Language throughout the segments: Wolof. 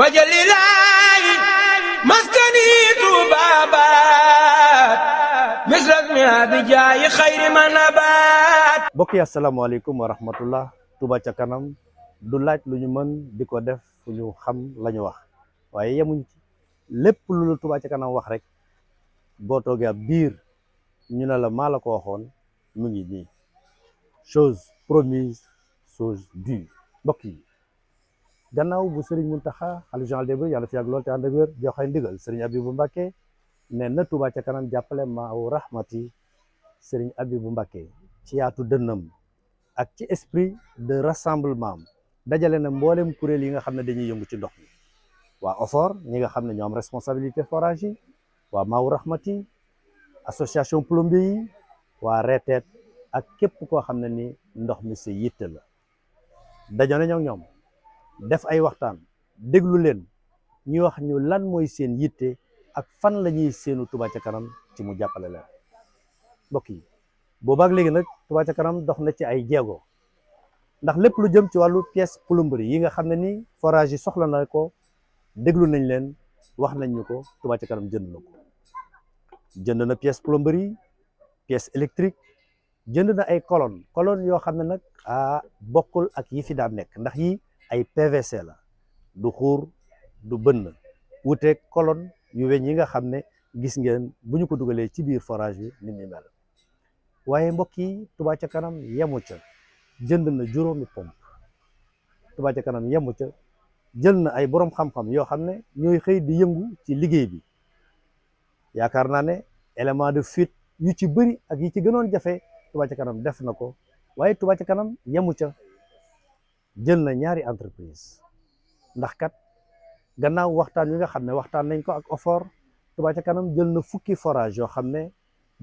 wajalilaayi maskani tuubaabaat misras mi abijaayi xayri ma nabaat mbokk yi asalaamaaleykum wa rahmatullah ca kanam du laaj lu ñu mën di ko def fu ñu xam la ñu wax waaye yemuñ ci lépp lu la Touba ca kanam wax rek boo toogee ab biir ñu ne la maa la ko waxoon mu ngi nii chose promise chose due mbokk gannaaw bu Serigne Mountakha xalifa général des mourides yàlla fi yàgg lool te ànd ak wér joxe ndigal Serigne Abibou Mbacké ne na Touba ca kanam jàppale maaw rahmati Serigne Abibou mbake ci yaatu dënnam ak ci esprit de rassemblement dajale na mboolem kuréel yi nga xam ne dañuy yëngu ci ndox mi waa OFOR ñi nga xam ne ñoom am responsabilité forage yi waa maaw rahmati association plombier waa reteet ak képp koo xam ne ni ndox mi sa yitte la dajo na ñoom def ay waxtaan déglu leen ñu wax ñu lan mooy seen yitte ak fan la ñuy seenu Touba ca kanam ci mu jàppale leen mbokk yi boobaak léegi nag Touba ca kanam dox na ci ay jéego ndax lépp lu jëm ci wàllu pièce plomberie yi nga xam ne ni forage soxla na ko déglu nañ leen wax nañ ñu ko Touba ca kanam jënd na ko jënd na pièce plomberie pièce électrique jënd na ay colonne colonne yoo xam ne nag ah bokkul ak yi fi daan nekk ndax yi ay PVC la du xuur du bënn wuteeg colonne yu weñ yi nga xam ne gis ngeen bu ñu ko dugalee ci biir forage bi ni muy mel waaye mbokk yi Touba kanam yemu ca jënd na juróomi pompe Touba ca kanam yemu ca jël na ay borom xam-xam yoo xam ne ñooy xëy di yëngu ci liggéey bi yaakaar naa ne élément de fit yu ci bëri ak yi ci gënoon jafe Touba ca kanam def na ko waaye Touba ca kanam yemu jël na ñaari entreprise ndax kat gannaaw waxtaan wi nga xam ne waxtaan nañ ko ak OFOR Touba ca kanam jël na fukki forage yoo xam ne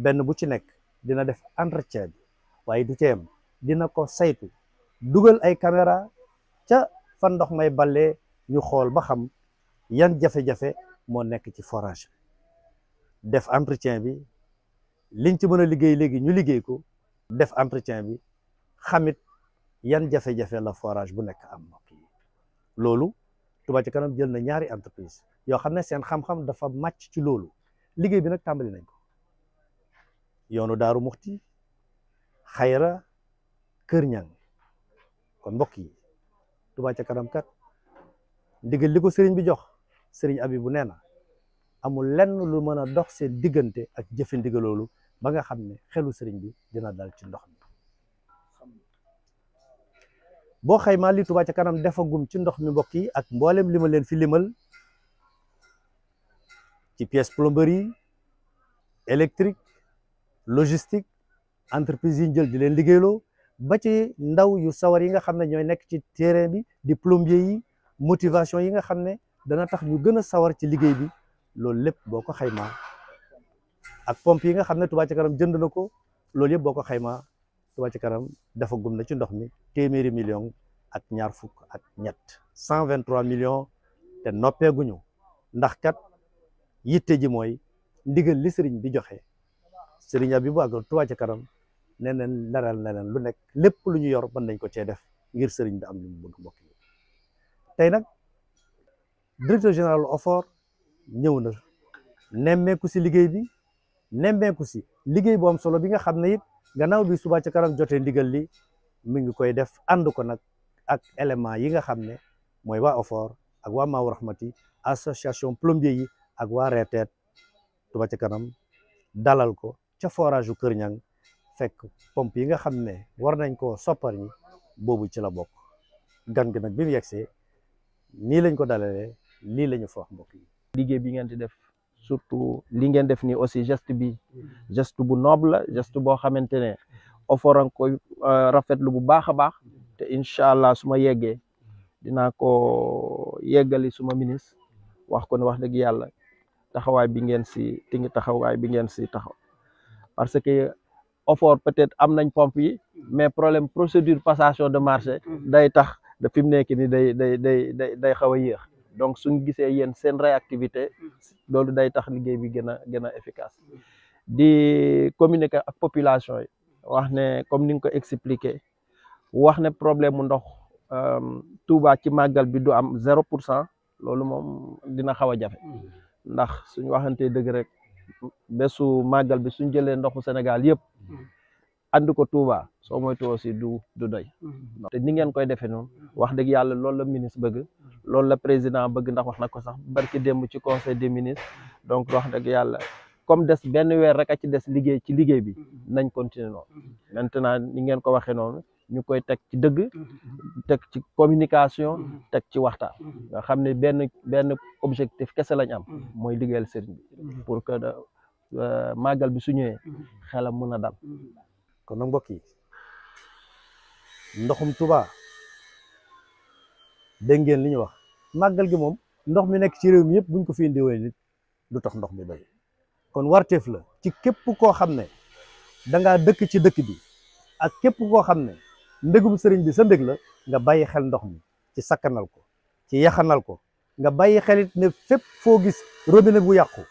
benn bu ci nekk dina def entretien bi waaye du teem dina ko saytu dugal ay caméra ca fan ndox may balee ñu xool ba xam yan jafe-jafe moo nekk ci forage def entretien bi liñ ci mën a liggéey léegi ñu liggéey ko def entretien bi xamit yan jafe-jafe la forage bu nekk am mbokk yi loolu Touba Kanam jël na ñaari entreprise yoo xam ne seen xam-xam dafa màcc ci loolu liggéey bi nag tàmbali nañ ko yoonu Daaru Muxti xayra Kër Ñang kon mbokk yi Touba Ca Kanam kat ndigal ko sëriñ bi jox sëriñ Abibu nee na amul lenn lu mën a dox seen diggante ak jëfe ndigal loolu ba nga xam ne xelu sëriñ bi dina daal ci ndox mi boo xaymaa li Touba ca kanam defagum ci ndox mi mbokk yi ak mboolem li ma leen fi limal ci pièce plomberie électrique logistique entreprise yi ñu jël di leen liggéeyloo ba ci ndaw yu sawar yi nga xam ne ñooy nekk ci terrain bi di plombier yi motivation yi nga xam ne dana tax ñu gën a sawar ci liggéey bi loolu lépp boo ko xaymaa ak pompe yi nga xam ne Touba ca kanam jënd na ko loolu yëpp boo ko xaymaa Touba Ca Kanam defagum na ci ndox mi téeméeri million ak ñaar fukk ak ñett cent vingt trois millions noppeeguñu ndax kat yitte ji mooy ndigal li sëriñ bi joxe sëriñ Abibu ak Touba Ca Kanam nee neen leral na leen lu nekk lépp lu ñu yor mën nañ ko cee def ngir sëriñ bi am lu mu bëgg mbokk tey nag directeur général OFOR ñëw na nemmeeku si liggéey bi nemmeeku si liggéey bu solo bi nga xam ne it gannaaw bi Touba ca kanam jotee ndigal li mi ngi koy def ànd ko nag ak élément yi nga xam ne mooy waa OFOR ak waa Maawu Rahmati association plombier yi ak waa reeteet Touba ca kanam dalal ko ca forage u Kër Ñang fekk pompe yi nga xam ne war nañ koo soppar ñi boobu ci la bokk gan gi nag bi mu yegsee nii lañ ko dalalee nii lañu foo fa mbokk yi liggéey bi ngeen di def surtout li ngeen def nii aussi geste bi geste bu noble la geste boo xamante ne oforan ko euh, rafetlu bu baax a baax te incha allah su ma yeggee dinaa ko yeggali suma ministre wax ko ne wax dëgg yàlla taxawaay bi ngeen si ti taxawaay bi ngeen si taxaw parce que offort peut-être am nañ pompe yi mais problème procédure passation de marché mm-hmm. day tax da fi mu nekk ni day day day day day xaw a yéex donc suñ gisee yéen seen réactivité mm. loolu day tax liggéey bi gën a gën a efficace mm. di communiquer ak population yi wax ne comme ni nga ko expliqué wax ne problème mu ndox euh, Touba ci màggal bi du am zéro pour cent loolu moom dina xaw a jafe mm. ndax suñu waxante dëgg rek besu màggal bi suñ jëlee ndoxu Sénégal yëpp ànd ko Touba soo moytu aussi du du doy te ni koy defee noonu wax dëgg yàlla loolu la ministre bëgg loolu la président bëgg ndax wax na ko sax barki démb ci conseil des ministres donc wax dëgg yàlla comme des benn weer rek a ci des liggéey ci liggéey bi nañ continuer noonu maintenant ni ngeen ko waxee noonu ñu koy teg ci dëgg teg ci communication teg ci waxta nga xam ne benn benn objectif kese lañ am mooy liggéeyal sëriñ bi pour que euh, màggal bi su ñëwee xelam mën a dal kon nag mbokk yi ndoxum Tuubaa dégg ngeen li ñu wax màggal gi moom ndox mi nekk ci réew mi yëpp buñ ko fi indiwee nit du tax ndox mi doy kon warteef la ci képp koo xam ne da dëkk ci dëkk bi ak képp koo xam ne ndëgum sëriñ bi sa ndëg la nga bàyyi xel ndox mi ci sakkanal ko ci yaxanal ko nga bàyyi xelit ne fépp foo gis robinet bu yàqu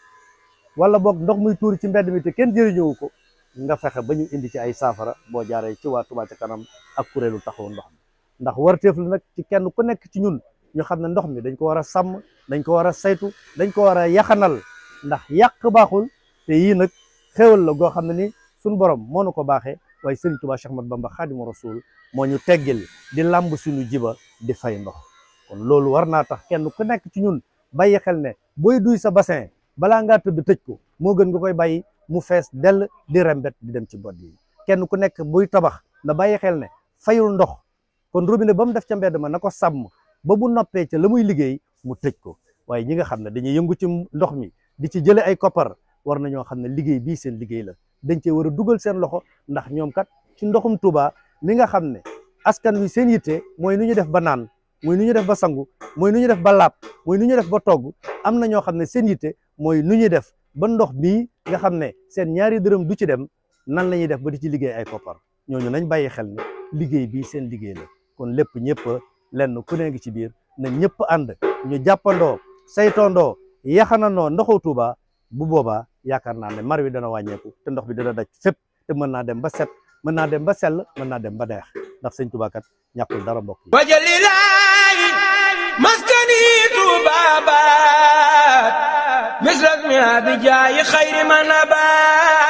wala boog ndox muy tuur ci mbedd mi te kenn jëriñëwu ko nga fexe ba ñu indi ci ay saafara boo jaaree ci waa Touba ca kanam ak kuréelu taxawu ndox mi ndax warteef la nag ci kenn ku nekk ci ñun ñu xam ne ndox mi dañ ko war a sàmm dañ ko war a saytu dañ ko war a yaxanal ndax yàq baaxul te yii nag xéwal la goo xam ne ni suñu borom moo nu ko baaxee waaye Sëriñ Tuubaa Cheikh Ahmad Bamba Xaadimu Rasuul moo ñu teggil di làmb suñu jiba di fay ndox kon loolu war naa tax kenn ku nekk ci ñun bàyyi xel ne booy duy sa bassin balaa ngaa tëdd tëj ko moo gën nga koy bàyyi mu fees dell di rembet di dem ci bodd yi kenn ku nekk buy tabax na bàyyi xel ne fayul ndox kon robinet ba mu def ca mbedd ma na ko sàmm ba bu noppee ca la muy liggéey mu tëj ko waaye ñi nga xam ne dañuy yëngu ci ndox mi di ci jëlee ay koppar war na ñoo xam ne liggéey bii seen liggéey la dañ cee war a dugal seen loxo ndax ñoom kat ci ndoxum Touba mi nga xam ne askan wi seen yitte mooy nu ñu def ba naan mooy nu ñu def ba sangu mooy nu ñu def ba laab mooy nu ñu def ba togg am na ñoo xam ne seen yitte mooy nu ñuy def ba ndox nga xam ne seen ñaari dërëm du ci dem nan la ñuy def ba di ci liggéey ay koppar ñooñu nañ bàyyi xel ne liggéey bii seen liggéey la kon lépp ñëpp lenn ku ne ngi ci biir na ñëpp ànd ñu jàppandoo saytondoo yaxanandoo ndoxu Touba bu boobaa yaakaar naa ne mar wi dana wàññeeku te ndox bi da daj fépp te mën naa dem ba set mën naa dem ba sell mën naa dem ba deex ndax sëñ Touba kat ñàkkul dara mbokk yi maskani Touba baat misrak mi abijaayi xayri ma nabaat